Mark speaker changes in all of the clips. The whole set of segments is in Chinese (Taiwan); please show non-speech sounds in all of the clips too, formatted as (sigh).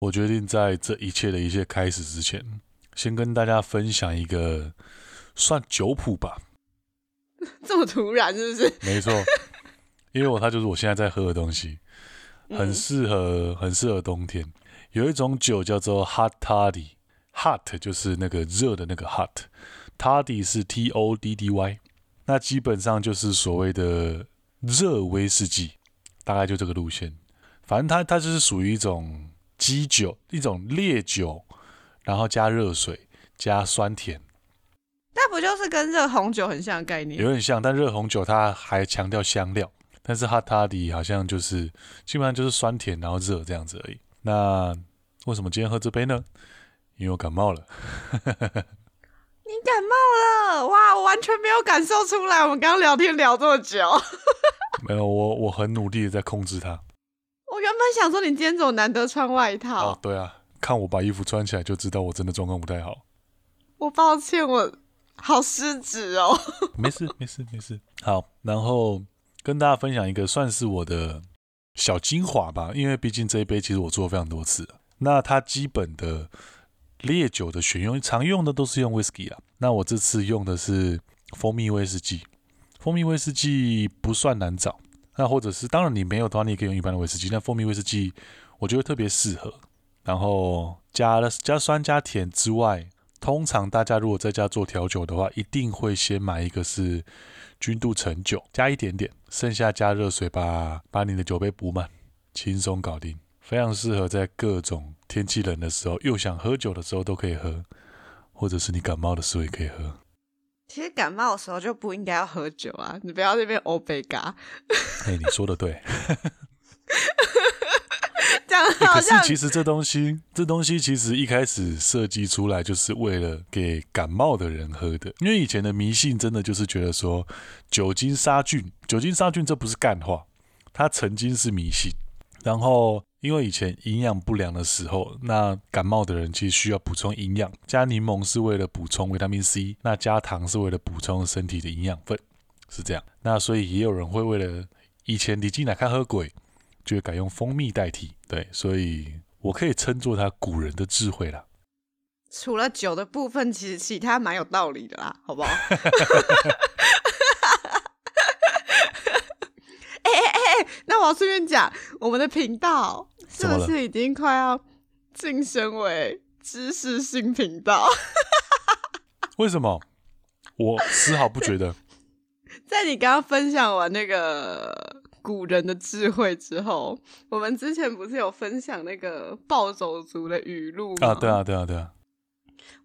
Speaker 1: 我決定在這一切的一切開始之前，先跟大家分享一個算酒譜吧。
Speaker 2: 這麼突然是不是？
Speaker 1: 沒錯，因為我它就是我現在在喝的東西，很適合很適合冬天。有一種酒叫做 Hot Toddy, Hot 就是那個熱的那個 Hot，Toddy 是 T O D D Y，那基本上就是所謂的熱威士忌，大概就這個路線。反正它它就是屬於一種。基酒，一種烈酒，然後加熱水，加酸甜，
Speaker 2: 那不就是跟熱紅酒很像的概念嗎？有點
Speaker 1: 像，但熱紅酒它還強調香料，但是哈塔里好像就是基本上就是酸甜，然後熱這樣子而已。那為什麼今天喝這杯呢？因為我感冒了。
Speaker 2: (laughs) 你感冒了？哇，我完全沒有感受出來。我們剛聊天聊這麼久，
Speaker 1: (laughs) 沒有我，我很努力的在控制它。
Speaker 2: 我原本想說，你今天怎麼難得穿外套。
Speaker 1: 哦，對啊，看我把衣服穿起來就知道我真的狀況不太好。
Speaker 2: 我抱歉，我好失職哦沒。
Speaker 1: 沒事沒事沒事，好，然後跟大家分享一個算是我的小精華吧，因為畢竟這一杯其實我做了非常多次。那它基本的烈酒的選用常用的都是用威士忌啊，那我這次用的是蜂蜜威士忌，蜂蜜威士忌不算難找。那或者是，當然你沒有的話，你也可以用一般的威士忌。那蜂蜜威士忌，我覺得特別適合。然後加了加酸加甜之外，通常大家如果在家做調酒的話，一定會先買一個是君度橙酒，加一點點，剩下加熱水把，把你的酒杯補滿，輕鬆搞定。非常適合在各種天氣冷的時候，又想喝酒的時候都可以喝，或者是你感冒的時候也可以喝。
Speaker 2: 其實感冒的時候就不應該要喝酒啊！你不要那邊歐北嘎。哎
Speaker 1: (laughs) 欸，你說的對。 (laughs) (laughs) 這樣好、欸、可是其實這東西， (laughs) 這東西其實一開始設計出來就是為了給感冒的人喝的，因為以前的迷信真的就是覺得說酒精殺菌，酒精殺菌這不是幹話，它曾經是迷信。然後。因為以前營養不良的時候，那感冒的人其實需要補充營養，加檸檬是為了補充維他命 C，那加糖是為了補充身體的營養分，是這樣。那所以也有人會為了以前的金奶看喝鬼，就改用蜂蜜代替，對，所以我可以稱作他古人的智慧啦。
Speaker 2: 除了酒的部分，其實其他蠻有道理的啦，好不好？ (laughs) (laughs) 我隨便講，我們的頻道是不是已經快要
Speaker 1: 晉升為
Speaker 2: 知識性頻道？
Speaker 1: 為什麼？我絲毫不覺得。
Speaker 2: 在你剛剛分享完那個古人的智慧之後，我們之前不是有分享那個暴走族的語錄嗎？啊，對啊，對啊，對啊！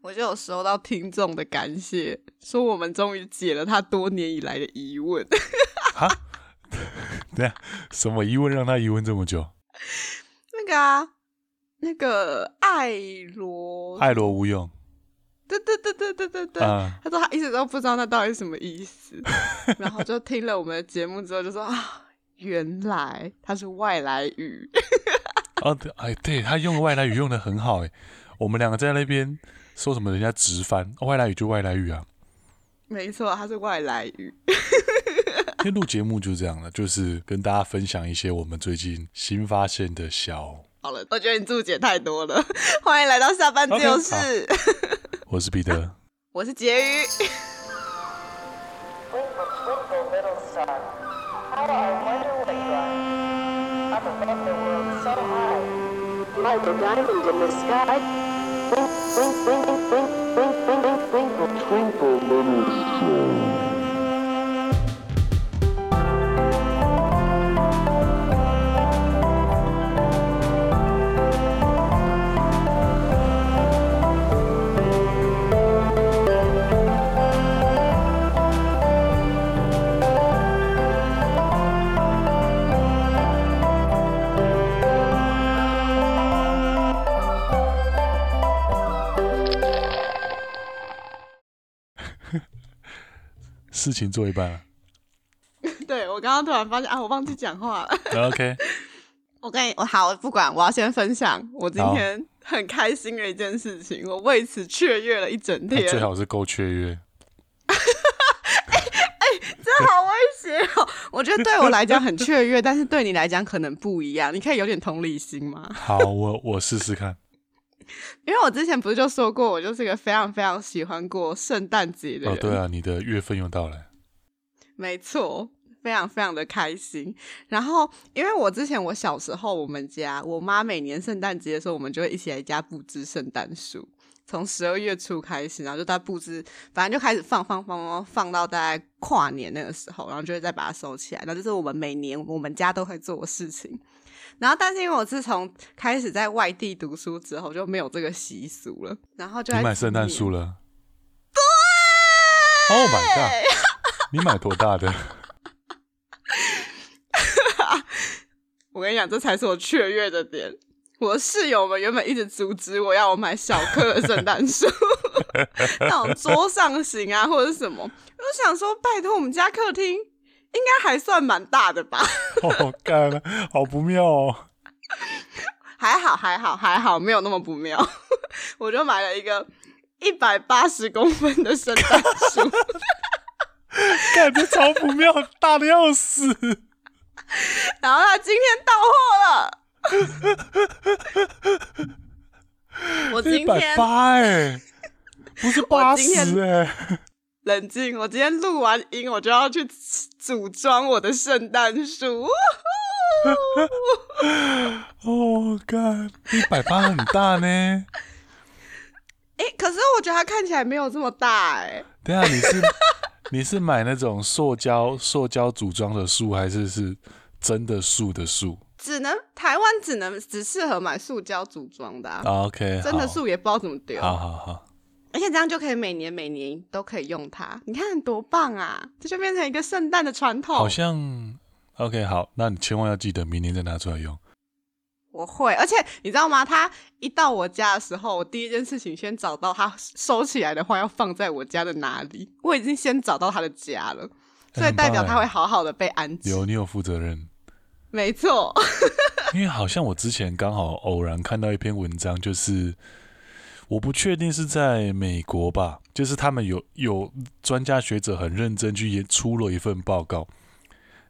Speaker 2: 我就有收到聽眾的感謝，說我們終於解了他多年以來的疑問。哈、
Speaker 1: 啊。 (laughs) 等下什麼疑問讓他疑問這麼久？
Speaker 2: 那個啊，那個愛羅，愛羅無用。對對對對對對對，啊、他說他一直都不知道那到底是什麼意思， (laughs) 然後就聽了我們的節目之後，就說啊，原來他是外來語。
Speaker 1: 哦，對，哎，對他用的外來語用得很好哎、欸，我們兩個在那邊說什麼人家直翻外來語就外來語啊，
Speaker 2: 沒錯，他是外來語。 (laughs)
Speaker 1: 今天錄節目就這樣了，就是跟大家分享一些我們最近新發現的小。
Speaker 2: 好了，我覺得你注解太多了。 (laughs) 歡迎來到下班自由室。
Speaker 1: Okay, 好 (laughs) 我是彼得。
Speaker 2: (laughs) 啊、我是婕妤。 (laughs)
Speaker 1: 事情做一半，
Speaker 2: 啊，對，我剛剛突然發現啊，我忘記講話了。OK，我跟你我好，我不管，我要先分享我今天很開心的一件事情，oh. 我為此雀躍了一整天。最好
Speaker 1: 是夠雀躍。哎
Speaker 2: 哎、 (laughs) 欸欸，這好危險哦！ (laughs) 我覺得對我來講很雀躍， (laughs) 但是對你來講可能不一樣。你可以有點同理心嗎？
Speaker 1: 好，我我試試看。
Speaker 2: 因為我之前不是就說過，我就是一個非常非常喜歡過聖誕節的人。哦，對啊，
Speaker 1: 你的月份又到了，
Speaker 2: 沒錯，非常非常的開心。然後，因為我之前我小時候，我們家我媽每年聖誕節的時候，我們就會一起來家布置聖誕樹，從十二月初開始，然後就在布置，反正就開始放放放放放到大概跨年那個時候，然後就會再把它收起來。那這是我們每年我們家都會做的事情。然後，但是因為我自從開始在外地讀書之後，就沒有這個習俗了。然後就你買聖誕樹
Speaker 1: 了？不對！Oh my god！ (laughs) 你買多大的？
Speaker 2: (laughs) 我跟你講，這才是我雀躍的點。我的室友們原本一直阻止我，要我買小顆的聖誕樹，
Speaker 1: 那種 (laughs) (laughs) 桌
Speaker 2: 上型啊，或者是什麼。我就想說，拜托我們家客廳應該還算蠻大的吧。哦
Speaker 1: (laughs) 幹，好不妙
Speaker 2: 哦！還好，還好，還好，沒有那麼不妙。 (laughs) 我就買了一個一百八十公分的聖誕樹，感覺 (laughs) 超不妙， (laughs) 大的要死。然後他今天到貨了。我今天……一百八哎，
Speaker 1: 不是八十哎。
Speaker 2: 冷靜，我今天錄完音，我就要去。組裝我的聖誕樹，
Speaker 1: 哦，God 一百八很大呢。哎 (laughs) 、
Speaker 2: 欸，可是我覺得它看起來沒有這麼大哎、欸。
Speaker 1: 等一下你是你是買那種塑膠塑膠組裝的樹，還是是真的樹的樹？
Speaker 2: 只能台灣只能只適合買塑膠組裝的、啊。
Speaker 1: OK，好真的樹也不知道怎麼丟。好,好好好。
Speaker 2: 而且這樣就可以每年每年都可以用它，你看多棒啊！這就變成一個聖誕的傳統。好像
Speaker 1: ，OK，好，那你千萬要記得明年再拿出來用。
Speaker 2: 我會，而且你知道嗎？他一到我家的時候，我第一件事情先找到他收起來的話，要放在我家的哪裡？我已經先找到他的家了，
Speaker 1: 所以代表他會
Speaker 2: 好好的被安置。
Speaker 1: 有、欸欸，你有負責任，
Speaker 2: 沒錯錯。
Speaker 1: (laughs) 因為好像我之前剛好偶然看到一篇文章，就是。我不確定是在美國吧，就是他們有有專家學者很認真去研出了一份報告，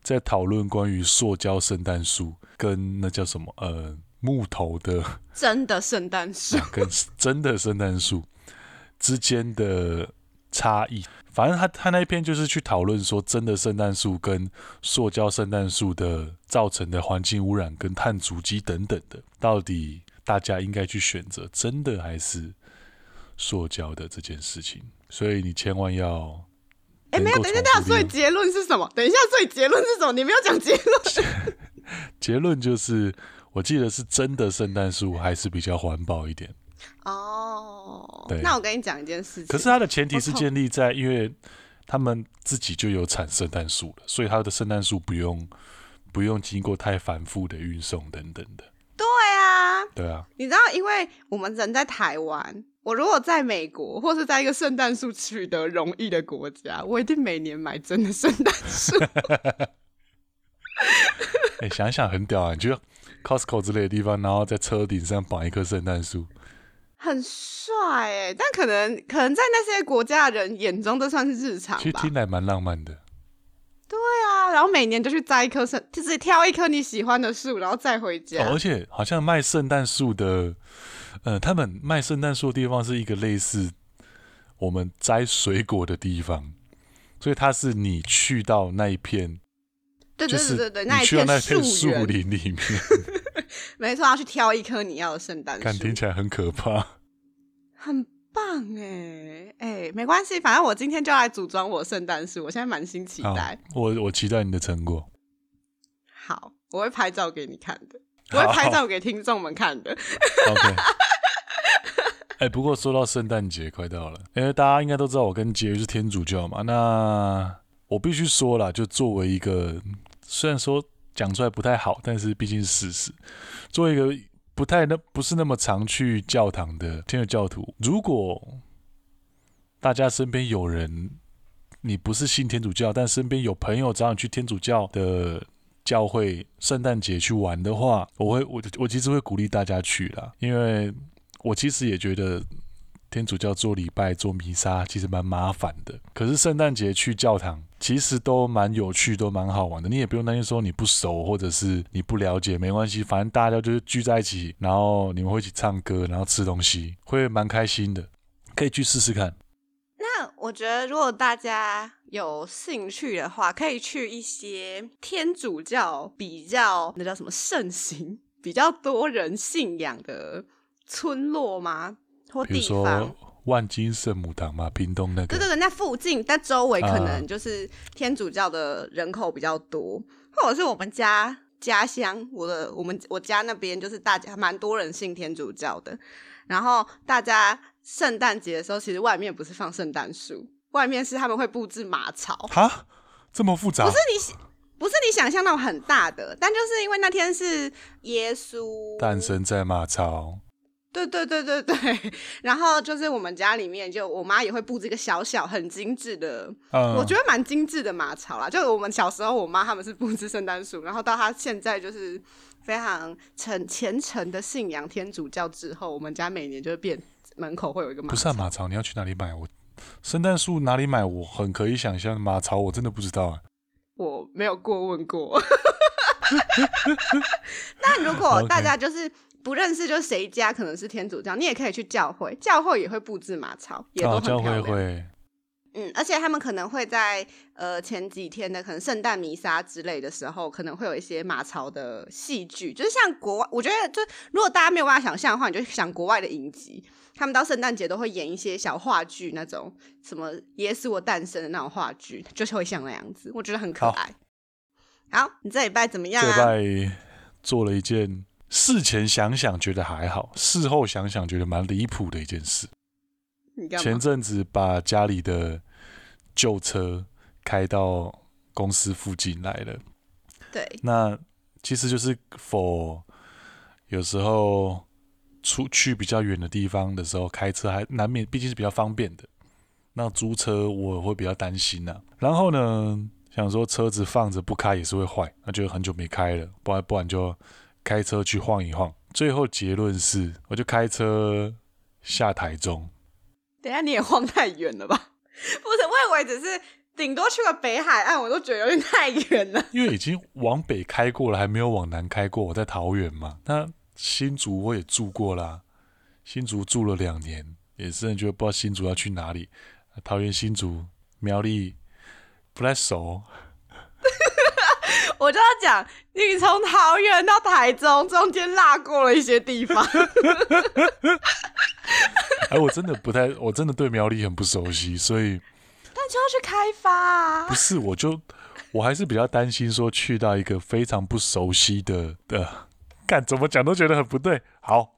Speaker 1: 在討論關於塑膠聖誕樹跟那叫什麼呃木頭的
Speaker 2: 真的聖誕樹
Speaker 1: 跟真的聖誕樹之間的差異。反正他他那一篇就是去討論說真的聖誕樹跟塑膠聖誕樹的造成的環境污染跟碳足跡等等的到底。大家應該去選擇真的還是塑膠的這件事情，所以你千萬要。哎、欸，沒有，等一下，等一下，所以
Speaker 2: 結論是什麼？等一下，所以結論是什麼？你沒有講結論 (laughs) 。
Speaker 1: 結論就是，我記得是真的聖誕樹還是比較環保一點。哦，oh, 對，那我跟你講
Speaker 2: 一件事情。可是它的前提是建立
Speaker 1: 在，因為他們自己就有產聖誕樹了，所以他的聖誕樹不用不用經過太繁複的運送等等的。對啊，對啊，
Speaker 2: 你知道，因為我們人在台灣，我如果在美國或是在一個聖誕樹取得容易的國家，我一定每年買真的聖誕樹。
Speaker 1: 哎、 (laughs) (laughs) 欸，想想很屌啊！你去 Costco 之類的地方，然後在車頂上綁一棵聖誕樹，
Speaker 2: 很帥哎、欸。但可能可能在那些國家的人眼中，都算是日常吧。其實聽
Speaker 1: 起來蠻浪漫的。
Speaker 2: 對啊，然後每年就去摘一棵樹，就是挑一棵你喜歡的樹，然後再回家、哦。而且
Speaker 1: 好像賣聖誕樹的，呃，他們賣聖誕樹的地方是一個類似我們摘水果的地方，所以它是你去到那一片，
Speaker 2: 對,對對對對，去到那一片樹林裡面。 (laughs) 沒錯，要去挑一棵你要的聖誕樹。看
Speaker 1: 聽起來很可怕，
Speaker 2: 很棒哎、欸。沒關係，反正我今天就要來組裝我聖誕樹，我現在滿心期待。好
Speaker 1: 我我期待你的成果。
Speaker 2: 好，我會拍照給你看的，
Speaker 1: 好我會拍照
Speaker 2: 給聽眾們看的。
Speaker 1: (laughs) OK，哎、欸，不過說到聖誕節快到了，因、欸、為大家應該都知道我跟杰是天主教嘛，那我必須說啦，就作為一個雖然說講出來不太好，但是畢竟是事實，作為一個不太那不是那麼常去教堂的天主教徒，如果。大家身邊有人，你不是信天主教，但身邊有朋友找你去天主教的教會，聖誕節去玩的話，我會我我其實會鼓勵大家去啦，因為我其實也覺得天主教做禮拜做彌撒其實蠻麻煩的，可是聖誕節去教堂其實都蠻有趣，都蠻好玩的。你也不用擔心說你不熟或者是你不了解，沒關係，反正大家就是聚在一起，然後你們會一起唱歌，然後吃東西，會蠻開心的，可以去試試看。
Speaker 2: 我覺得，如果大家有興趣的話，可以去一些天主教比較那叫什麼盛行，比較多人信仰的村落嗎？或地方。比如說
Speaker 1: 萬金聖母堂嘛，屏東那個，
Speaker 2: 對對對，那附近，但周圍可能就是天主教的人口比較多，啊、或者是我們家家鄉，我的我們我家那邊就是大家蠻多人信天主教的，然後大家。聖誕節的時候，其實外面不是放聖誕樹，外面是他們會布置馬槽。哈，
Speaker 1: 這麼複雜？不是你，
Speaker 2: 不是你想象那種很大的。但就是因為那天是耶穌
Speaker 1: 誕生在馬槽。
Speaker 2: 對對對對對。然後就是我們家裡面，就我媽也會布置一個小小、很精緻的，嗯、我覺得蠻精緻的馬槽啦。就是我們小時候，我媽他們是布置聖誕樹，然後到她現在就是非常虔虔誠的信仰天主教之後，我們家每年就會變。門口會有一個馬，不是、啊、
Speaker 1: 馬槽。你要去哪裡買我？我聖誕樹哪裡買？我很可以想象馬槽，我真的不知道啊。
Speaker 2: 我沒有過問過。那 (laughs) (laughs) (laughs) 如果大家就是不認識，就誰家可能是天主教，Okay. 你也可以去教會，教會也會佈置馬槽，也都很漂亮。啊、教會會。嗯，而且他們可能會在呃前幾天的可能聖誕彌撒之類的時候，可能會有一些馬槽的戲劇，就是像國外，我覺得就如果大家沒有辦法想象的話，你就想國外的影集。他們到聖誕節都會演一些小話劇，那種什麼耶穌我誕生的那種話劇，就是會像那樣子，我覺得很可愛。好，好，你這禮拜怎麼樣、啊？這禮拜
Speaker 1: 做了一件事前想想覺得還好，事後想想覺得蠻離譜的一件事。你幹嘛？前陣子把家裡的舊車開到公司附近來了。對，那其實就是否有時候。出去比較遠的地方的時候，開車還難免，畢竟是比較方便的。那租車我會比較擔心呢、啊。然後呢，想說車子放着不開也是會壞，那就很久沒開了，不然不然就開車去晃一晃。最後結論是，我就開車下台中。
Speaker 2: 等一下你也晃太遠了吧？不是，我以為只是頂多去個北海岸，我都覺得有點太遠
Speaker 1: 了。 (laughs) 因為已經往北開過了，還沒有往南開過。我在桃園嘛，那。新竹我也住過啦，新竹住了兩年，也甚至就不知道新竹要去哪裡。桃園、新竹、苗栗不太熟。
Speaker 2: (laughs) 我就要講，你從桃園到台中，中間落過了一些地方。
Speaker 1: (laughs) 哎，我真的不太，我真的對苗栗很不熟悉，所以。
Speaker 2: 但就要去開發
Speaker 1: 啊。不是，我就我還是比較擔心說去到一個非常不熟悉的的。怎麼講都覺得很不對，好，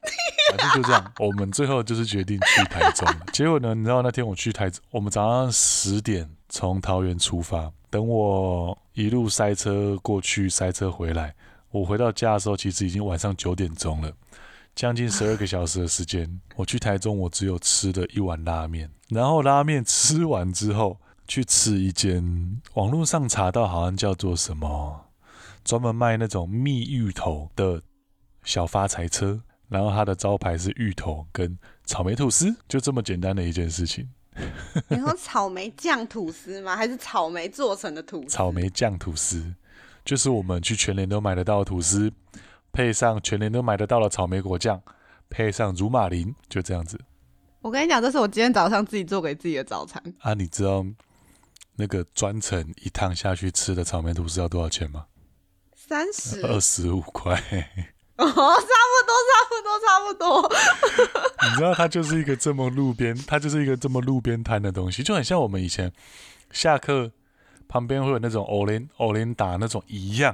Speaker 1: 反正就這樣，我們最後就是決定去台中了。結果呢，你知道那天我去台中，我們早上十點從桃園出發，等我一路塞車過去，塞車回來，我回到家的時候其實已經晚上九點鐘了，將近十二個小時的時間，我去台中，我只有吃了一碗拉麵，然後拉麵吃完之後去吃一間網絡上查到好像叫做什麼，專門賣那種蜜芋頭的。小發財車，然後它的招牌是芋頭跟草莓吐司，就這麼簡單的一件事情。
Speaker 2: (laughs) 你說草莓醬吐司嗎？還是草莓做成的吐司？
Speaker 1: 草莓醬吐司，就是我們去全聯都買得到的吐司，配上全聯都買得到的草莓果醬，配上乳瑪琳。就這樣子。
Speaker 2: 我跟你講，這是我今天早上自己做給自己的早餐。
Speaker 1: 啊，你知道那個專程一趟下去吃的草莓吐司要多少錢嗎？
Speaker 2: 三十？二
Speaker 1: 十五塊。
Speaker 2: 哦，差不多，差不多，差
Speaker 1: 不多。 (laughs) 你知道他，他就是一個這麼路邊，他就是一個這麼路邊攤的東西，就很像我們以前下課旁邊會有那種偶連偶連打那種一樣。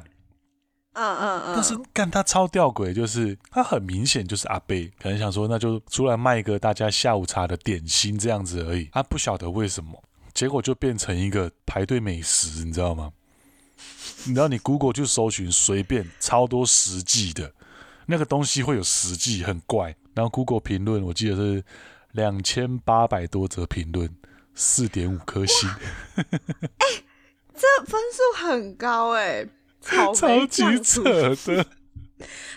Speaker 1: 但是幹他超弔詭，就是他很明顯就是阿伯，可能想說那就出來賣一個大家下午茶的點心這樣子而已。他、啊、不曉得為什麼，結果就變成一個排隊美食，你知道嗎？你知道你 Google 就搜尋，隨便超多實際的。那個東西會有實際，很怪。然後 Google 評論，我記得是兩千八百多則評論，四點五顆星。哎、
Speaker 2: 欸，這分數很高哎、欸，草莓醬吐司。超級扯的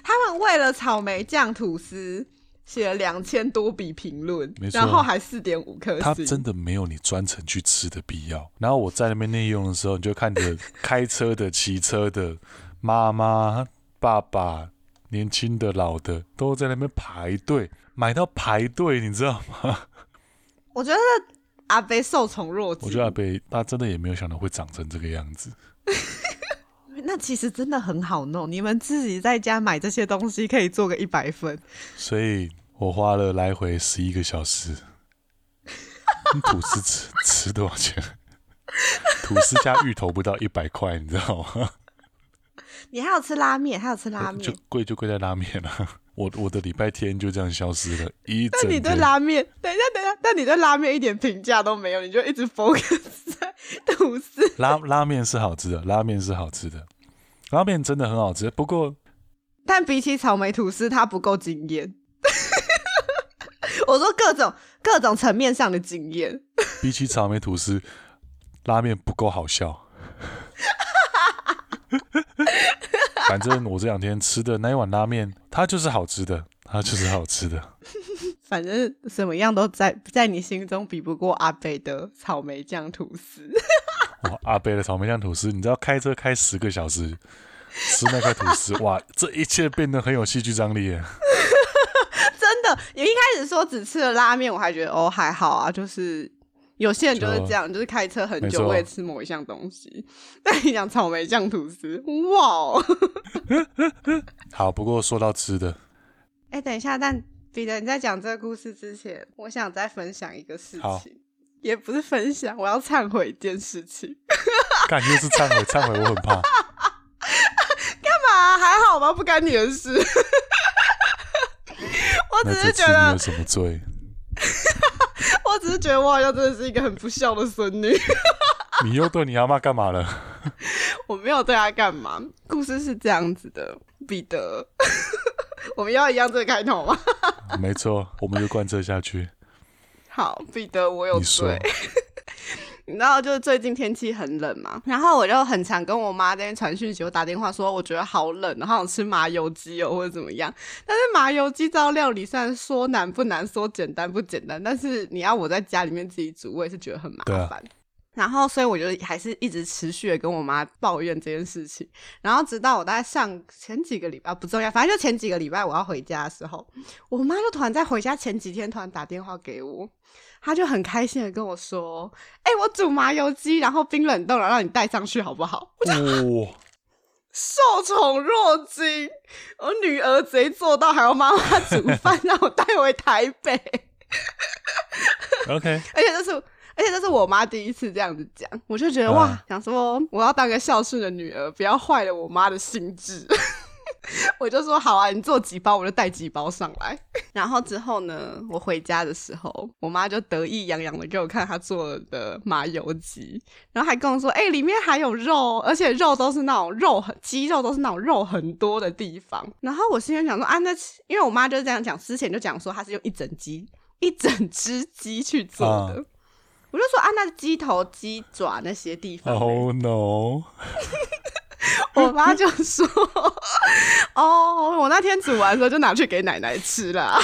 Speaker 2: 他們為了草莓醬吐司寫了兩千多筆評論，沒錯，然後還四點五顆星。它真
Speaker 1: 的沒有你專程去吃的必要。然後我在那邊內用的時候，你就看着開車的、騎 (laughs) 車的媽媽、爸爸。年輕的，的、老的都在那邊排隊買到排隊，你知道嗎？
Speaker 2: 我覺得阿伯受寵若驚。我覺得阿
Speaker 1: 伯他真的也沒有想到會長成這個樣子。
Speaker 2: (laughs) 那其實真的很好弄，你們自己在家買這些東西可以做個一百分。
Speaker 1: 所以我花了來回十一個小時。吐 (laughs) 司吃吃多少錢？
Speaker 2: 吐司
Speaker 1: 加芋頭不到一百塊，你知道嗎？
Speaker 2: 你還有吃拉麵，還有吃拉麵，就
Speaker 1: 貴就貴在拉麵了。我我的禮拜天就這樣消失了，一整天。那你對拉
Speaker 2: 麵，等一下等一下，但你對拉麵一點評價都沒有，你就一直 focus 在
Speaker 1: 吐司。拉拉麵是好吃的，拉麵是好吃的，拉麵真的很好吃。不過，
Speaker 2: 但比起草莓吐司，它不夠驚艷。 (laughs) 我說各種各種層面上的經驗，
Speaker 1: 比起草莓吐司，拉麵不夠好笑。 (laughs) 反正我這兩天吃的那一碗拉麵，它就是好吃的，它就是好吃的。
Speaker 2: 反正什麼樣都在在你心中比不過阿伯的草莓醬吐司。
Speaker 1: 哇，阿伯的草莓醬吐司，你知道開車開十個小時吃那塊吐司，哇，這一切變得很有戲劇張力耶。
Speaker 2: (laughs) 真的，你一開始說只吃了拉麵，我還覺得哦還好啊，就是。有些人就是這樣，就、就是開車很久會吃某一項東西。錯但你講草莓醬吐司，哇、哦！
Speaker 1: (laughs) 好，不過說到吃的，
Speaker 2: 哎、欸，等一下，但彼得你在講這個故事之前，我想再分享一個事情，好也不是分享，我要懺悔一件事情。
Speaker 1: 感 (laughs) 覺是懺悔，懺悔我很怕。
Speaker 2: (laughs) 幹嘛、啊？還好吧，不干你的事。
Speaker 1: (laughs) 我只是覺得什麼罪？
Speaker 2: 我只是覺得我好像真的是一個很不孝的孫女。
Speaker 1: (laughs) 你又對你阿媽幹嘛了？
Speaker 2: 我沒有對她幹嘛。故事是這樣子的，彼得， (laughs) 我們要一樣這個開頭嗎？
Speaker 1: (laughs) 沒錯，我們就貫徹下去。
Speaker 2: 好，彼得，我有罪。你知道，就是最近天氣很冷嘛，然後我就很常跟我媽這邊傳訊息，我打電話說我覺得好冷，然後想吃麻油雞哦，或者怎麼樣。但是麻油雞這道料理雖然說難不難，說簡單不簡單，但是你要我在家裡面自己煮，我也是覺得很麻煩。啊、然後所以我就還是一直持續的跟我媽抱怨這件事情。然後直到我大概上前幾個禮拜，不重要，反正就前幾個禮拜我要回家的時候，我媽就突然在回家前幾天突然打電話給我。他就很開心的跟我說：“哎、欸，我煮麻油雞，然後冰冷凍了，然後讓你帶上去好不好？”
Speaker 1: 我就、哦、
Speaker 2: 受寵若驚，我女兒賊做到，還要媽媽煮飯 (laughs) 讓我帶回台北。 (laughs) OK，而且這是而且這是我媽第一次這樣子講，我就覺得哇，啊、想說我要當個孝順的女兒，不要壞了我媽的心智。 (laughs) 我就說好啊，你做幾包我就帶幾包上來。 (laughs) 然後之後呢，我回家的時候，我媽就得意洋洋的給我看她做的麻油雞，然後還跟我說：“哎、欸，裡面還有肉，而且肉都是那種肉很，雞肉都是那種肉很多的地方。”然後我心裡想說：“啊，那因為我媽就是這樣講，之前就講說她是用一整雞、一整隻雞去做的。”啊、我就說：“啊，那雞頭、雞爪那些地
Speaker 1: 方哦、oh, no！ (laughs)
Speaker 2: 我媽就說：“哦，我那天煮完的時候就拿去給奶奶吃了啊。 (laughs) ”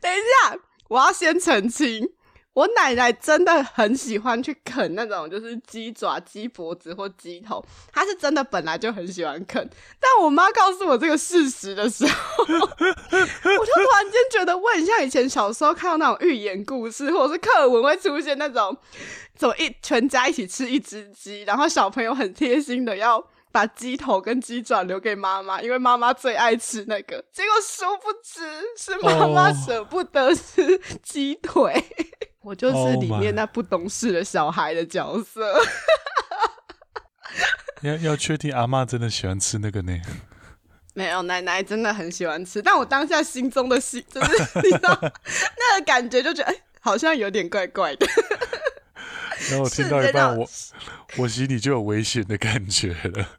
Speaker 2: 等一下，我要先澄清，我奶奶真的很喜歡去啃那種，就是雞爪、雞脖子或雞頭，她是真的本來就很喜歡啃。但我媽告訴我這個事實的時候，我就突然間覺得，我很像以前小時候看到那種寓言故事，或者是課文會出現那種。走一全家一起吃一隻雞，然後小朋友很貼心的要把雞頭跟雞爪留給媽媽，因為媽媽最愛吃那個。結果殊不知是媽媽捨不得吃雞腿。Oh. 我就是裡面那不懂事的小孩的角色。Oh
Speaker 1: my. (laughs) 要要確定阿嬤真的喜歡吃那個呢？
Speaker 2: 沒有，奶奶真的很喜歡吃。但我當下心中的心，就是你知道 (laughs) 那個感覺，就覺得好像有點怪怪的。
Speaker 1: 然後聽到一半我，我我心裡就有危險的感覺了。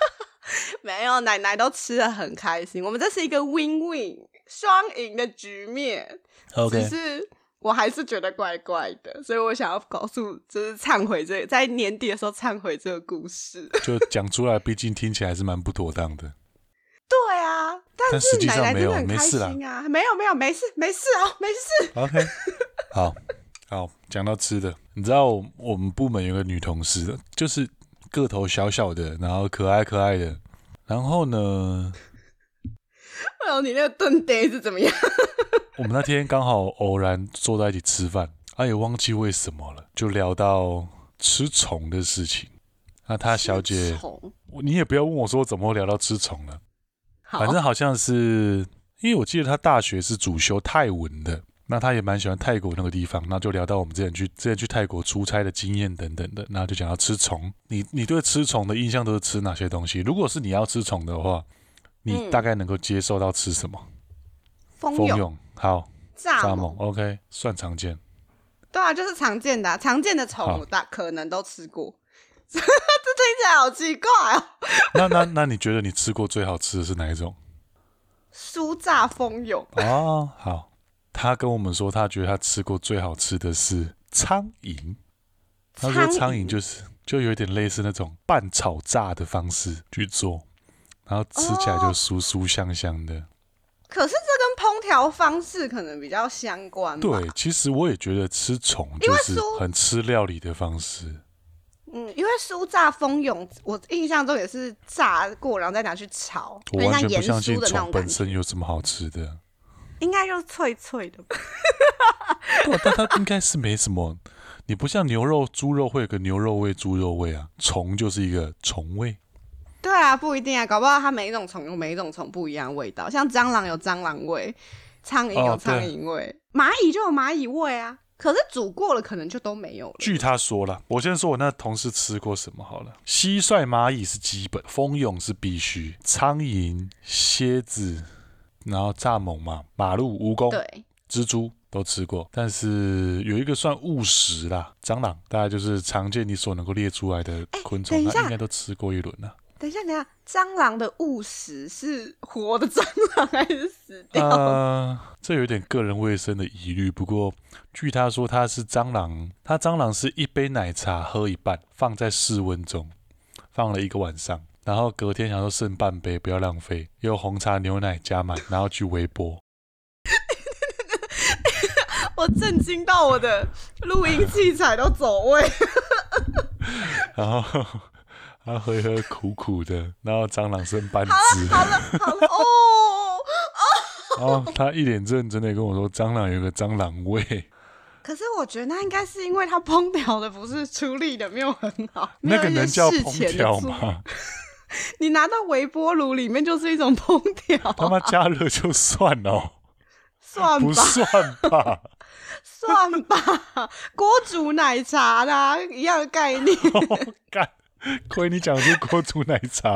Speaker 2: (laughs) 沒有，奶奶都吃得很開心。我們這是一個 win-win win, 雙贏的局面。
Speaker 1: OK Okay. 只
Speaker 2: 是我還是覺得怪怪的，所以我想要告訴，就是懺悔這在年底的時候懺悔這個故事，
Speaker 1: (laughs) 就講出來。畢竟聽起來還是蠻不妥當的。
Speaker 2: 對啊，但是奶奶都很開心啊，沒有沒有，沒事沒事哦，沒事。沒事啊、沒
Speaker 1: 事 OK，好。 (laughs) 好，講到吃的，你知道我們部門有個女同事，就是個頭小小的，然後可愛可愛的。然後呢？
Speaker 2: 哦，你那個燉呆是怎麼樣？
Speaker 1: (laughs) 我們那天剛好偶然坐在一起吃飯，她、啊、也忘記為什麼了，就聊到吃蟲的事情。那她小姐，吃蟲你也不要問我說怎麼會聊到吃蟲了。好反正好像是，因為我記得她大學是主修泰文的。那他也蠻喜歡泰國那個地方，那就聊到我們之前去之前去泰國出差的經驗等等的，那就講到吃蟲。你你對吃蟲的印象都是吃哪些東西？如果是你要吃蟲的話，嗯、你大概能夠接受到吃什麼？蜂蛹，蜂蛹，好，蚱蜢蜂，OK，算常見。
Speaker 2: 對啊，就是常見的、啊，常見的蟲好大可能都吃過。 (laughs) 這聽起來好奇怪哦、啊 (laughs) 。
Speaker 1: 那那那你覺得你吃過最好吃的是哪一種？
Speaker 2: 酥炸蜂蛹
Speaker 1: 哦，oh, 好。他跟我們說，他覺得他吃過最好吃的是蒼蠅。
Speaker 2: 他說蒼蠅就
Speaker 1: 是就有點類似那種半炒炸的方式去做，然後吃起來就酥酥香香的。哦，
Speaker 2: 可是這跟烹調方式可能比較相關。對，
Speaker 1: 其實我也覺得吃蟲就是很吃料理的方式。
Speaker 2: 嗯，因為酥炸蜂蛹，我印象中也是炸過然後再拿去炒。我完全不相信蟲本
Speaker 1: 身有什麼好吃的。
Speaker 2: 應該就是脆脆的吧。
Speaker 1: 但 (laughs) 它，它應該是沒什麼， (laughs) 你不像牛肉、豬肉會有個牛肉味、豬肉味啊，蟲就是一個蟲味。
Speaker 2: 對啊，不一定啊，搞不好它每一種蟲有每一種蟲不一樣的味道，像蟑螂有蟑螂味，蒼蠅有蒼蠅味，哦、螞蟻就有螞蟻味啊。可是煮過了，可能就都沒有了。
Speaker 1: 據他說了，我先說我那同事吃過什麼好了，蟋蟀、螞蟻是基本，蜂蛹是必須，蒼蠅、蠍子。然後蚱蜢嘛，馬陸蜈蚣，對蜘蛛都吃過，但是有一個算誤食啦，蟑螂。大概就是常見你所能夠列出來的昆蟲，欸、那應該都吃過一輪了。
Speaker 2: 等一下，等一下，蟑螂的誤食是活的蟑螂還
Speaker 1: 是死掉、呃？這有點個人衛生的疑慮。不過據他說，他是蟑螂，他蟑螂是一杯奶茶喝一半，放在室溫中放了一個晚上。然後隔天想說剩半杯不要浪費，用紅茶牛奶加滿，然後去微波。
Speaker 2: (laughs) 我震驚到我的錄音器材都走位。
Speaker 1: 啊、 (laughs) 然後他喝一喝苦苦的，然後蟑螂剩半隻好。好了好了好了哦哦。哦，他一臉認真的跟我說蟑螂有個蟑螂味。
Speaker 2: 可是我覺得那應該是因為他烹調的，不是處理的沒有很好。那個能叫烹調嗎？你拿到微波爐裡面就是一種烹調、啊，
Speaker 1: 他媽加熱就算了、哦，
Speaker 2: 算吧不算
Speaker 1: 吧？
Speaker 2: (laughs) 算吧，鍋煮奶茶啦，一樣的概念。 (laughs) 哦、
Speaker 1: 幹，虧你講出鍋煮奶茶，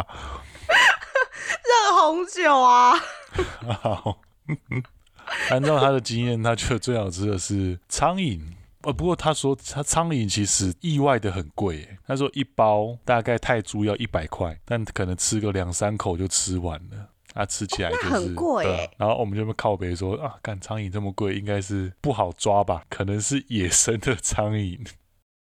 Speaker 2: 熱紅酒啊。
Speaker 1: (laughs) 好，按照他的經驗，他覺得最好吃的是蒼蠅。呃、哦，不過他說他蒼蠅其實意外的很貴，他說一包大概泰銖要一百塊，但可能吃個兩三口就吃完了，他、啊、吃起來就是、哦很貴呃，然後我們就靠北說啊，幹蒼蠅這麼貴，應該是不好抓吧？可能是野生的蒼蠅，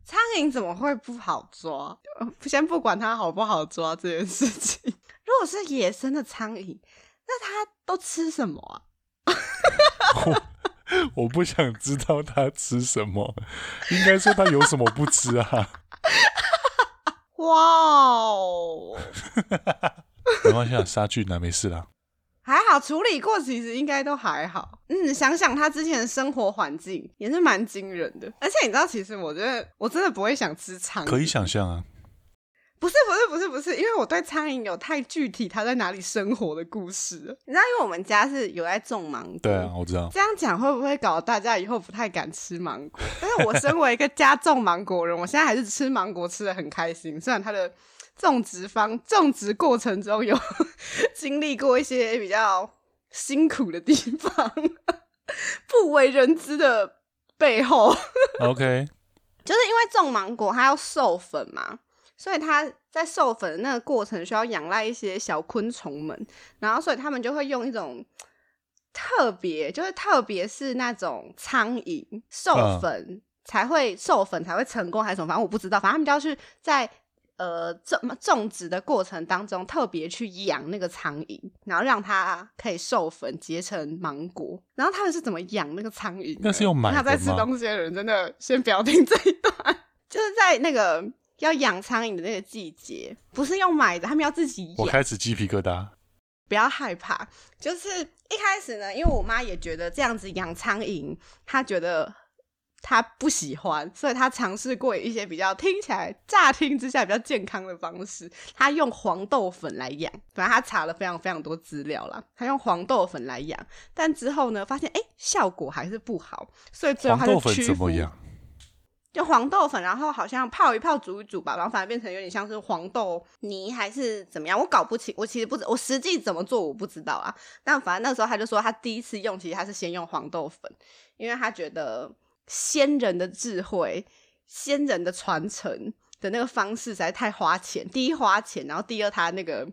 Speaker 2: 蒼蠅怎麼會不好抓？先不管它好不好抓這件事情，如果是野生的蒼蠅，那它都吃什麼、啊？ (laughs) (laughs)
Speaker 1: (laughs) 我不想知道他吃什麼， (laughs) 應該說他有什麼不吃啊 (laughs) Wow？哇哦！沒關係啊，殺菌啦，沒事啦。
Speaker 2: 還好處理過，其實應該都還好。嗯，想想他之前的生活環境也是蠻驚人的。而且你知道，其實我覺得我真的不會想吃腸，可以想象啊。不是不是不是不是，因為我對蒼蠅有太具體，它在哪裡生活的故事。你知道，因為我們家是有在種芒果，對啊，我知道。這樣講會不會搞到大家以後不太敢吃芒果？ (laughs) 但是我身為一個家種芒果的人，我現在還是吃芒果吃得很開心。雖然它的種植方、種植過程中有 (laughs) 經歷過一些比較辛苦的地方， (laughs) 不為人知的背後。OK，就是因為種芒果它要授粉嘛。所以它在授粉的那個過程，需要仰賴一些小昆蟲們，然後所以他們就會用一種特別，就是特別是那種蒼蠅授粉才會授粉才會成功還是什麼，反正我不知道，反正他們就要去在呃種種植的過程當中特別去養那個蒼蠅，然後讓它可以授粉結成芒果。然後他們是怎麼養那個蒼蠅？那是用芒果。那在吃東西的人真的先不要聽這一段， (laughs) 就是在那個。要養蒼蠅的那個季節，不是用買的，他們要自己養。我開始雞皮疙瘩，不要害怕。就是一開始呢，因為我媽也覺得這樣子養蒼蠅， (laughs) 她覺得她不喜歡，所以她嘗試過一些比較聽起來乍聽之下比較健康的方式。她用黃豆粉來養，反正她查了非常非常多資料啦。她用黃豆粉來養。但之後呢，發現哎、欸，效果還是不好，所以最後她就屈服。黃豆粉怎麼樣？就黃豆粉，然後好像泡一泡煮一煮吧，然後反而變成有點像是黃豆泥還是怎麼樣，我搞不清。我其實不知，我實際怎麼做我不知道啊。但反正那時候他就說，他第一次用，其實他是先用黃豆粉，因為他覺得先人的智慧、先人的傳承的那個方式實在太花錢，第一花錢，然後第二他那個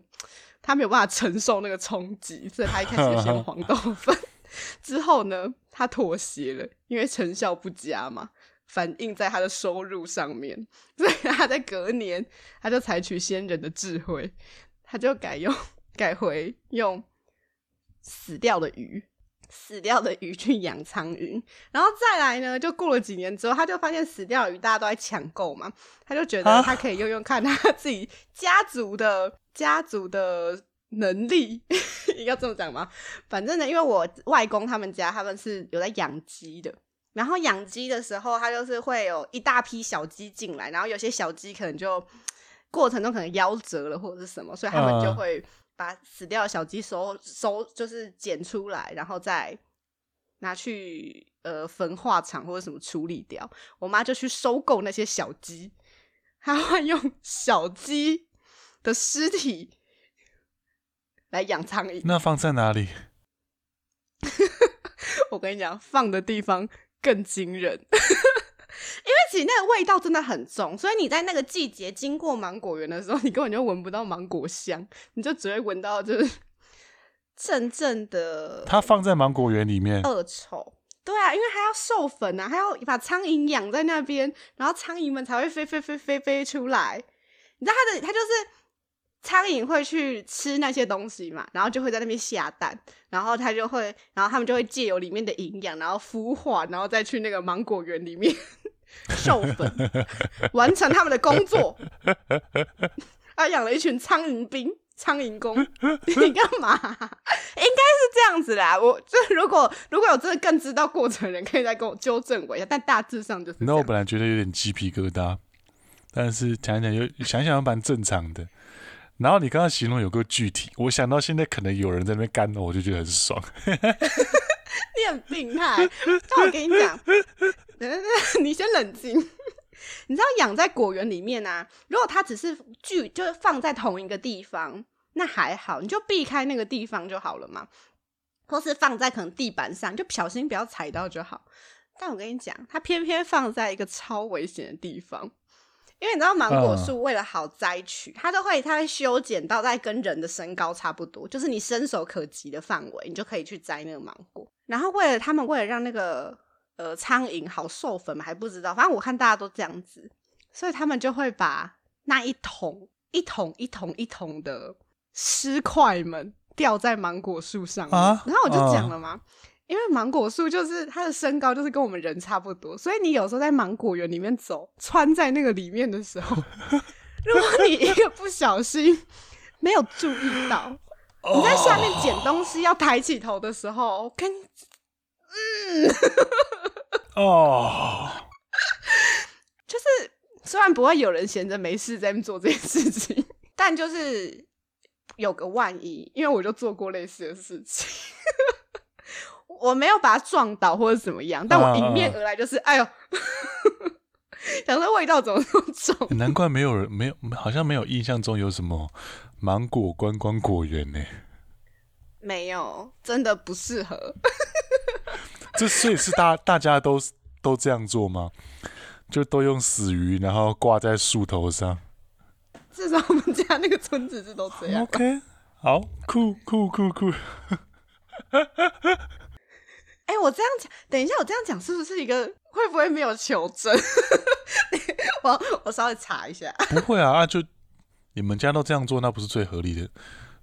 Speaker 2: 他沒有辦法承受那個衝擊，所以他一開始就先用黃豆粉。 (laughs) 之後呢，他妥協了，因為成效不佳嘛。反映在他的收入上面，所以他在隔年，他就採取先人的智慧，他就改用改回用死掉的魚，死掉的魚去養蒼蠅，然後再來呢，就過了幾年之後，他就發現死掉的魚大家都在搶購嘛，他就覺得他可以用用看他自己家族的家族的能力， (laughs) 要這麼講嗎？反正呢，因為我外公他們家他們是有在養雞的。然後養雞的時候，他就是會有一大批小雞進來，然後有些小雞可能就過程中可能夭折了或者是什麼，所以他們就會把死掉的小雞收收就是撿出來，然後再拿去呃焚化廠或者什麼處理掉。我媽就去收購那些小雞，她會用小雞的屍體來養蒼蠅。那
Speaker 1: 放在哪裡？
Speaker 2: (laughs) 我跟你講，放的地方。更驚人， (laughs) 因為其實那個味道真的很重，所以你在那個季節經過芒果園的時候，你根本就聞不到芒果香，你就只會聞到就是陣陣的。它
Speaker 1: 放在芒果園裡面惡
Speaker 2: 臭，對啊，因為它要授粉啊，它要把蒼蠅養在那邊，然後蒼蠅們才會飛飛飛飛飛出來。你知道它的，它就是。蒼蠅會去吃那些東西嘛，然後就會在那邊下蛋，然後他就會，然後他們就會借由裡面的營養，然後孵化，然後再去那個芒果園裡面
Speaker 1: (laughs) 授粉， (laughs) 完成他們的工作。
Speaker 2: 他養、 (laughs) 啊、了一群蒼蠅兵、蒼蠅工， (laughs) 你幹嘛、啊？應該是這樣子啦。我這如果如果有真的更知道過程的人，可以再跟我糾正我一下。但大致上就
Speaker 1: 是……那、no, 我本來覺得有點雞皮疙瘩，但是講一講又想一想，想想又蠻正常的。然後你剛剛形容有個具體，我想到現在可能有人在那邊幹了，我就覺得很爽。
Speaker 2: (laughs) (laughs) 你很病態， (laughs) 但我跟你講，等等等你先冷靜。 (laughs) 你知道養在果園裡面呢、啊，如果它只是聚，就是放在同一個地方，那還好，你就避開那個地方就好了嘛。或是放在可能地板上，就小心不要踩到就好。但我跟你講，它偏偏放在一個超危險的地方。因為你知道芒果樹為了好摘取，uh, 它都會它會修剪到在跟人的身高差不多，就是你伸手可及的範圍，你就可以去摘那個芒果。然後為了他們為了讓那個呃蒼蠅好授粉嘛，還不知道，反正我看大家都這樣子，所以他們就會把那一桶一桶一桶一桶的屍塊們吊在芒果樹上。Uh, uh. 然後我就講了嘛。因為芒果樹就是它的身高，就是跟我們人差不多，所以你有時候在芒果園裡面走，穿在那個裡面的時候，如果你一個不小心沒有注意到，
Speaker 1: (laughs) 你在下面撿
Speaker 2: 東西要抬起頭的時候，跟嗯
Speaker 1: 哦，
Speaker 2: (laughs) 就是雖然不會有人閒着沒事在做這件事情，但就是有個萬一，因為我就做過類似的事情。我沒有把它撞倒或者怎麼樣，但我迎面而來就是，啊啊啊，哎呦，想說味道怎麼這麼重？
Speaker 1: 難怪沒有人沒有，好像沒有印象中有什麼芒果觀光果園呢？
Speaker 2: 沒有，真的不適合。
Speaker 1: 這，所以是大家大家都都這樣做嗎？就都用死魚，然後掛在樹頭上。
Speaker 2: 至少我們家那個村子是都這
Speaker 1: 樣。OK，好酷酷酷酷。酷酷酷 (laughs)
Speaker 2: 哎、欸，我這樣講，等一下我這樣講是不是一個會不會沒有求證？ (laughs) 我我稍微查一下，
Speaker 1: 不會啊，啊就你們家都這樣做，那不是最合理的、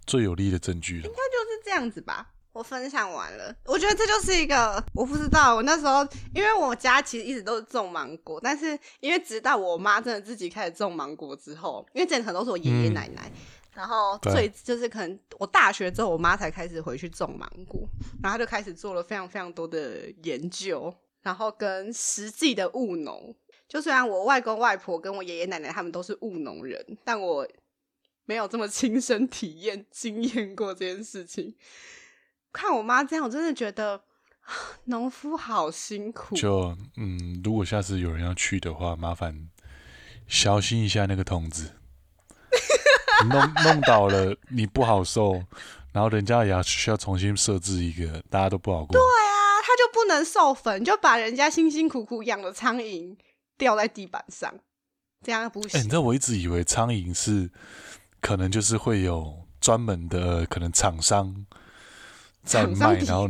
Speaker 1: 最有利的證據了？應該
Speaker 2: 就是這樣子吧。我分享完了，我覺得這就是一個，我不知道，我那時候因為我家其實一直都是種芒果，但是因為直到我媽真的自己開始種芒果之後，因為之前很多都是我爺爺奶奶。嗯然後最對就是可能我大學之後，我媽才開始回去種芒果，然後她就開始做了非常非常多的研究，然後跟實際的務農。就雖然我外公外婆跟我爺爺奶奶他們都是務農人，但我沒有這麼親身體驗、經驗過這件事情。看我媽這樣，我真的覺得農夫好辛苦。就
Speaker 1: 嗯，如果下次有人要去的話，麻煩小心一下那個桶子。弄弄倒了你不好受，然後人家也需要重新設置一個，大家都不好過。
Speaker 2: 對啊，他就不能授粉，就把人家辛辛苦苦養的蒼蠅掉在地板上，這樣不行。你
Speaker 1: 知道我一直以為蒼蠅是可能就是會有專門的可能廠商在賣，然後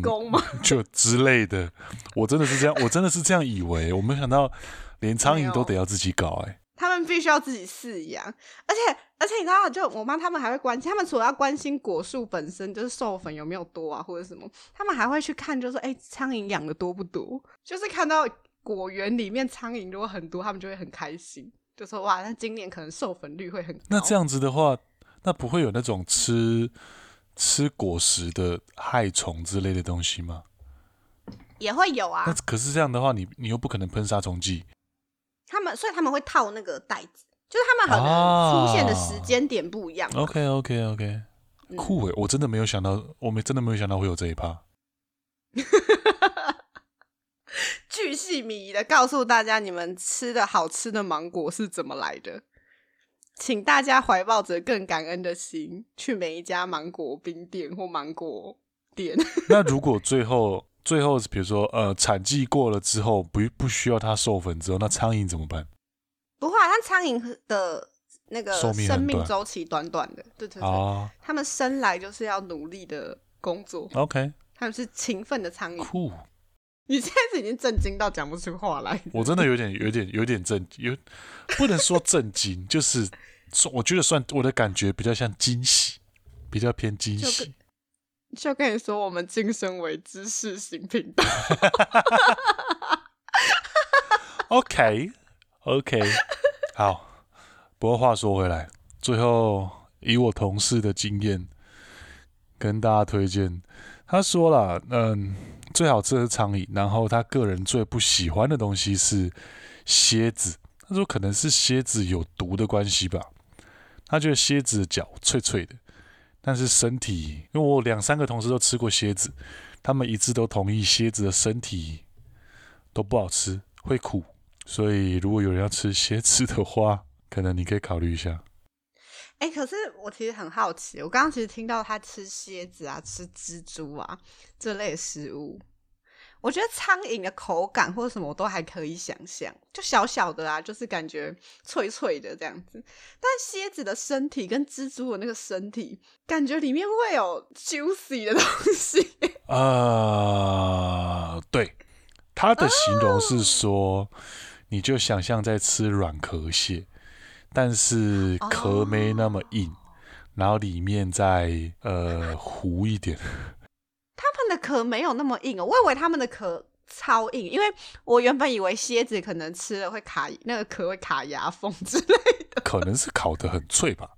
Speaker 1: 就之類的。我真的是這樣，我真的是這樣以為，我沒想到連蒼蠅有都得要自己搞、欸。哎，
Speaker 2: 他們必須要自己飼養，而且。而且你知道，就我媽他們還會關心，他們除了要關心果樹本身就是授粉有沒有多啊，或者什麼，他們還會去看，就是哎，蒼蠅養的多不多？就是看到果園裡面蒼蠅如果很多，他們就會很開心，就說哇，那今年可能授粉率會很高。
Speaker 1: 那這樣子的話，那不會有那種吃吃果實的害蟲之類的東西嗎？
Speaker 2: 也會有啊。那
Speaker 1: 可是這樣的話，你你又不可能噴殺蟲劑。
Speaker 2: 他們所以他們會套那個袋子。就是他們好像出現的時間點不一樣、啊。OK
Speaker 1: OK OK，、嗯、酷哎、欸，我真的沒有想到，我沒真的沒有想到會有這一趴。
Speaker 2: (laughs) 巨細靡遺的告訴大家，你們吃的好吃的芒果是怎麼來的？請大家懷抱着更感恩的心，去每一家芒果冰店或芒果店。
Speaker 1: 那如果最後最後，比如說呃，產季過了之後，不不需要它授粉之後，那蒼蠅怎麼辦？
Speaker 2: 不會，像蒼蠅的那個生命週期短短的，短對對對，oh. 他們生來就是要努力的工作。OK，他們是勤奮的蒼蠅。酷！Cool. 你現在是已經震驚到講不出話來？
Speaker 1: 我真的有點、有點、有點震，有不能說震驚， (laughs) 就是，我覺得算我的感覺比較像驚喜，比較偏驚喜。
Speaker 2: 就跟，就跟你說，我們晉升為知識型頻
Speaker 1: 道。 (laughs) (laughs) OK。OK， (laughs) 好。不過話說回來，最後以我同事的經驗跟大家推薦，他說啦，嗯，最好吃的是蒼蠅，然後他個人最不喜歡的東西是蠍子。他說可能是蠍子有毒的關係吧。他覺得蠍子的腳脆脆的，但是身體，因為我兩三個同事都吃過蠍子，他們一致都同意蠍子的身體都不好吃，會苦。所以，如果有人要吃蠍子的話，可能你可以考慮一下。
Speaker 2: 哎、欸，可是我其實很好奇，我剛剛其實聽到他吃蠍子啊，吃蜘蛛啊這類的食物。我覺得蒼蠅的口感或者什麼，我都還可以想象，就小小的啊，就是感覺脆脆的這樣子。但蠍子的身體跟蜘蛛的那個身體，感覺裡面會有 juicy 的東西。
Speaker 1: 啊、呃。對，他的形容、哦、是說。你就想象在吃軟殼蟹，但是殼沒那麼硬，oh. 然後裡面再呃糊一點。
Speaker 2: 他們的殼沒有那麼硬哦，我以為他們的殼超硬，因為我原本以為蠍子可能吃了會卡那個殼會卡牙縫之類
Speaker 1: 的。可能是烤得很脆吧，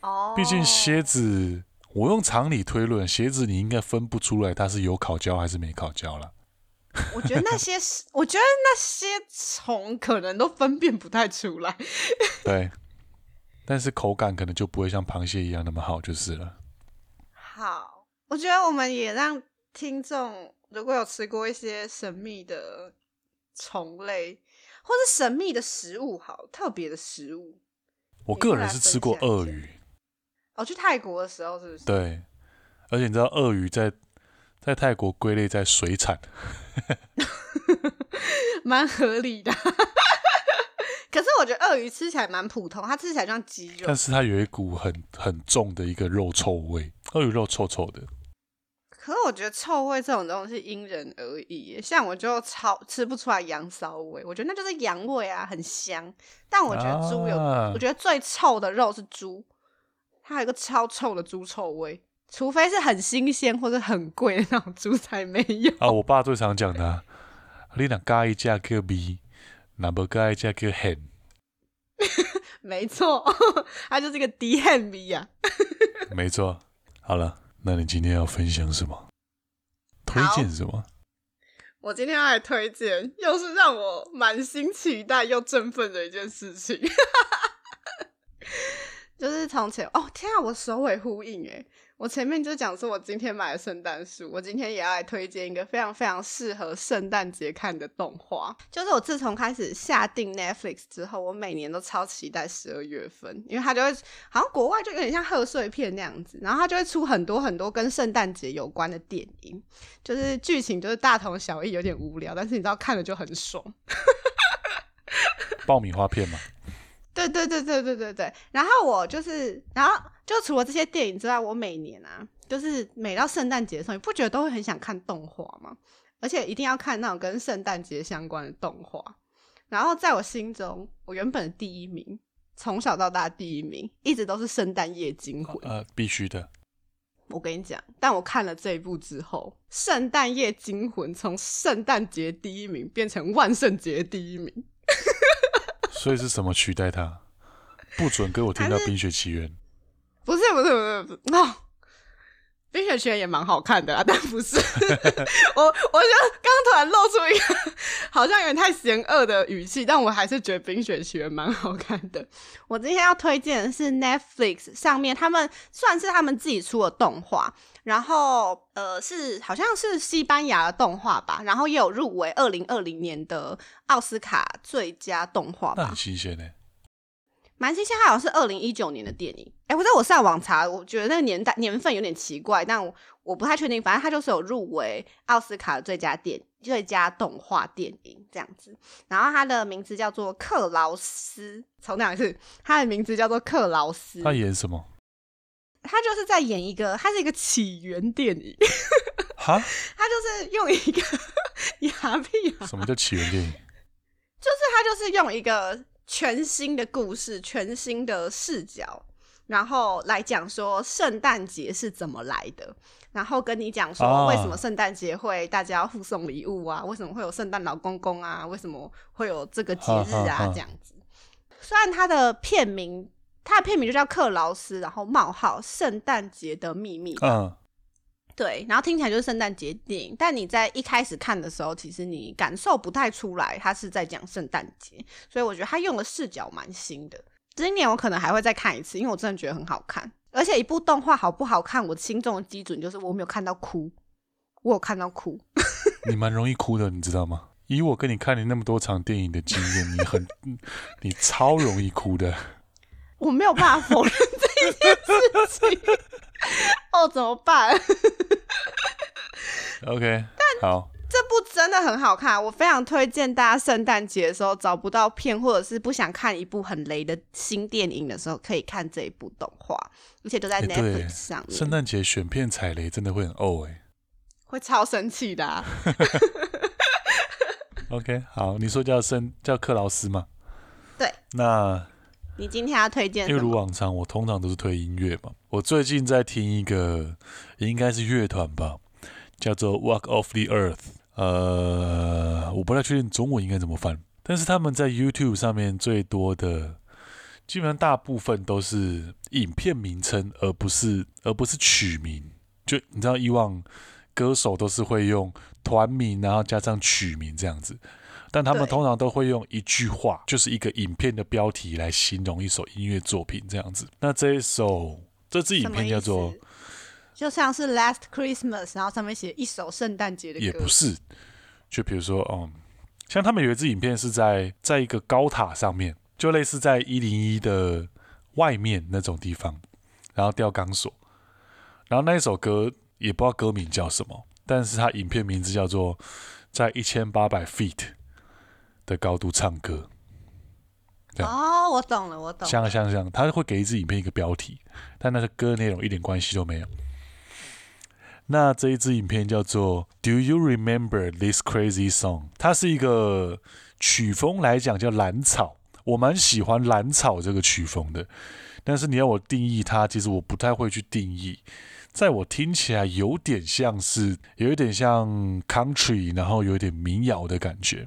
Speaker 1: 哦，oh. 畢竟蠍子，我用常理推論，蠍子你應該分不出來它是有烤焦還是沒烤焦了。
Speaker 2: (laughs) 我覺得那些，我覺得那些蟲可能都分辨不太出來。
Speaker 1: (laughs) 對，但是口感可能就不會像螃蟹一樣那麼好，就是了。
Speaker 2: 好，我覺得我們也讓聽眾如果有吃過一些神秘的蟲類，或是神秘的食物好，好特別的食物。
Speaker 1: 我個人是吃過鱷魚。
Speaker 2: 哦，去泰國的時候是不
Speaker 1: 是？對，而且你知道鱷魚在在泰國歸類在水產。
Speaker 2: 蠻 (laughs) 合理的， (laughs) 可是我覺得鱷魚吃起來蠻普通，它吃起來就像雞肉，但
Speaker 1: 是它有一股很很重的一個肉臭味，鱷魚肉臭臭的。
Speaker 2: 可是我覺得臭味這種東西因人而異，像我就超吃不出來羊騷味，我覺得那就是羊味啊，很香。但我覺得豬有，啊、我覺得最臭的肉是豬，它有一個超臭的豬臭味。除非是很新鮮或者很貴的那種豬才沒
Speaker 1: 有啊！我爸最常講的，你哪加一架個 B，哪不加一架個漢，
Speaker 2: 沒錯，他就是個低漢 B 呀。
Speaker 1: 沒錯，好了，那你今天要分享什麼？好推薦什麼？
Speaker 2: 我今天要來推薦，又是讓我滿心期待又振奮的一件事情， (laughs) 就是從前哦，天啊，我首尾呼應哎，欸。我前面就講說，我今天買了聖誕樹。我今天也要來推薦一個非常非常適合聖誕節看的動畫。就是我自從開始下訂 Netflix 之後，我每年都超期待十二月份，因為它就會好像國外就有點像賀歲片那樣子，然後它就會出很多很多跟聖誕節有關的電影，就是劇情就是大同小異，有點無聊，但是你知道看了就很爽。
Speaker 1: (laughs) 爆米花片嗎？
Speaker 2: 對,對對對對對對對。然後我就是，然後。就除了這些電影之外，我每年啊，就是每到聖誕節的時候，你不覺得都會很想看動畫嗎？而且一定要看那種跟聖誕節相關的動畫。然後在我心中，我原本的第一名，從小到大第一名，一直都是《聖誕夜驚魂》。
Speaker 1: 呃，必須的。
Speaker 2: 我跟你講，但我看了這一部之後，《聖誕夜驚魂》從聖誕節第一名變成萬聖節第一名。
Speaker 1: (laughs) 所以是什麼取代它？不准給我聽到《冰雪奇緣》。
Speaker 2: 不是不是不是，那、哦《冰雪奇緣》也蠻好看的啊，但不是。 (laughs) 我我就剛突然露出一個好像有點太邪惡的語氣，但我還是覺得《冰雪奇緣》蠻好看的。 (laughs) 我今天要推薦的是 Netflix 上面他們算是他們自己出的動畫，然後呃是好像是西班牙的動畫吧，然後也有入圍二零二零年的奧斯卡最佳動畫吧，那很新鮮呢、欸。蠻新鮮，它好像是二零一九年的電影。哎，我在我上網查，我覺得那個年代年份有點奇怪，但我，我不太確定。反正它就是有入圍奧斯卡最佳電、最佳動畫電影這樣子。然後它的名字叫做《克勞斯》從哪，重講一次，它的名字叫做《克勞斯》。他演什麼？他就是在演一個，它是一個起源電影。 (laughs) 哈？他就是用一個 (laughs) 亞亞。
Speaker 1: 什麼叫起源電影？
Speaker 2: 就是他就是用一個。全新的故事，全新的視角，然後來講說聖誕節是怎麼來的，然後跟你講說為什麼聖誕節會大家互送禮物啊？Uh. 為什麼會有聖誕老公公啊？為什麼會有這個節日啊？Uh, uh, uh. 這樣子。雖然它的片名，它的片名就叫《克勞斯》，然後冒號聖誕節的秘密。Uh. 對，然後聽起來就是聖誕節電影，但你在一開始看的時候，其實你感受不太出來，他是在講聖誕節。所以我覺得他用的視角蠻新的。今年我可能還會再看一次，因為我真的覺得很好看。而且一部動畫好不好看，我心中的基準就是我沒有看到哭，我有看到哭。
Speaker 1: 你蠻容易哭的，你知道嗎？以我跟你看你那麼多場電影的經驗，你很 (laughs) 你超容易哭的。
Speaker 2: 我沒有辦法否認。 (laughs) (laughs) 哦，怎麼辦
Speaker 1: (laughs) ？OK，但好，
Speaker 2: 這部真的很好看，我非常推薦大家。聖誕節的時候找不到片，或者是不想看一部很雷的新電影的時候，可以看這一部動畫。而且都在 Netflix 上。聖
Speaker 1: 誕節選片踩雷真的會很哦哎，
Speaker 2: 會超生氣的
Speaker 1: 啊。 (laughs) (laughs) OK，好，你說叫聖叫克勞斯嗎？對，那。
Speaker 2: 你今天要推薦？一如
Speaker 1: 往常，我通常都是推音樂嘛。我最近在聽一個，應該是樂團吧，叫做《Walk Off the Earth》。呃，我不太確定中文應該怎麼翻。但是他們在 YouTube 上面最多的，基本上大部分都是影片名稱，而不是而不是曲名。就你知道，以往歌手都是會用團名，然後加上曲名這樣子。但他們通常都會用一句話，對就是一個影片的標題來形容一首音樂作品這樣子。那這一首這支影片叫做，就
Speaker 2: 像是《Last Christmas》，然後上面寫一首聖誕節的歌，也不
Speaker 1: 是。就比如說，嗯，像他們有一支影片是在在一個高塔上面，就類似在一零一的外面那種地方，然後吊鋼索。然後那一首歌也不知道歌名叫什麼，但是它影片名字叫做在一千八百 feet。的高度唱歌，哦，我懂
Speaker 2: 了，我懂了。像
Speaker 1: 像像，他會給一支影片一個標題，但那個歌內容一點關係都沒有。那這一支影片叫做《Do You Remember This Crazy Song》？它是一個曲風來講叫藍草，我蠻喜歡藍草這個曲風的。但是你要我定義它，其實我不太會去定義。在我聽起來有點像是，有一點像 country，然後有一點民謠的感覺。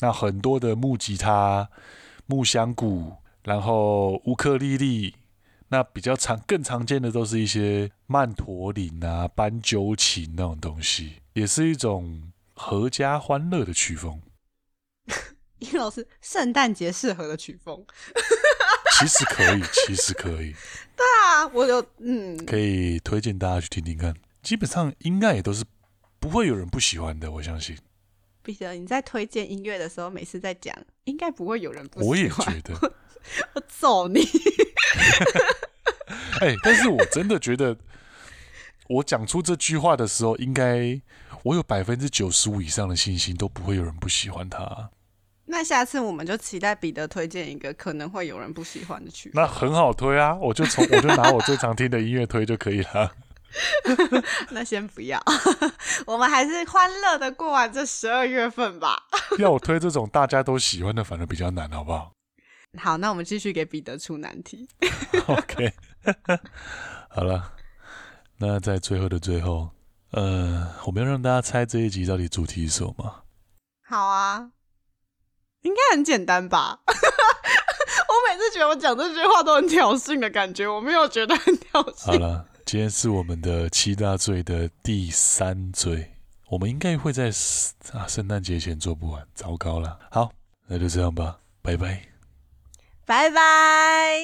Speaker 1: 那很多的木吉他、木箱鼓，然後烏克麗麗，那比較常、更常見的都是一些曼陀林啊、斑鳩琴那種東西，也是一種合家歡樂的曲風。
Speaker 2: 尹 (laughs) 老師，聖誕節適合的曲風？
Speaker 1: (laughs) 其實可以，其實可以。
Speaker 2: (laughs) 對啊，我就嗯，可
Speaker 1: 以推薦大家去聽聽看，基本上應該也都是不會有人不喜歡的，我相信。
Speaker 2: 彼得，你在推薦音樂的時候，每次在講，應該不會有人不
Speaker 1: 喜歡。我也覺得，
Speaker 2: (laughs) 我揍你！
Speaker 1: 哎、 (laughs) (laughs) 欸，但是我真的覺得，我講出這句話的時候，應該我有百分之九十五以上的信心都不會有人不喜歡他、
Speaker 2: 啊。那下次我們就期待彼得推薦一個可能會有人不喜歡的曲。那很
Speaker 1: 好推啊，我就從我就拿我最常聽的音樂推就可以了。 (laughs)
Speaker 2: (laughs) 那先不要， (laughs) 我們還是歡樂的過完這十二月份吧 (laughs) 。
Speaker 1: 要我推這種大家都喜歡的，反而比較難，好不好？
Speaker 2: 好，那我們繼續給彼得出難題。 (laughs) OK，
Speaker 1: (laughs) 好了，那在最後的最後，呃，我們要讓大家猜這一集到底主題是什麼？
Speaker 2: 好啊，應該很簡單吧？ (laughs) 我每次覺得我講這句話都很挑釁的感覺，我沒有覺得很挑釁。好
Speaker 1: 了。今天是我們的七大罪的第三罪，我們應該會在，啊，聖誕節前做不完，糟糕了。好，那就這樣吧，拜拜，
Speaker 2: 拜拜。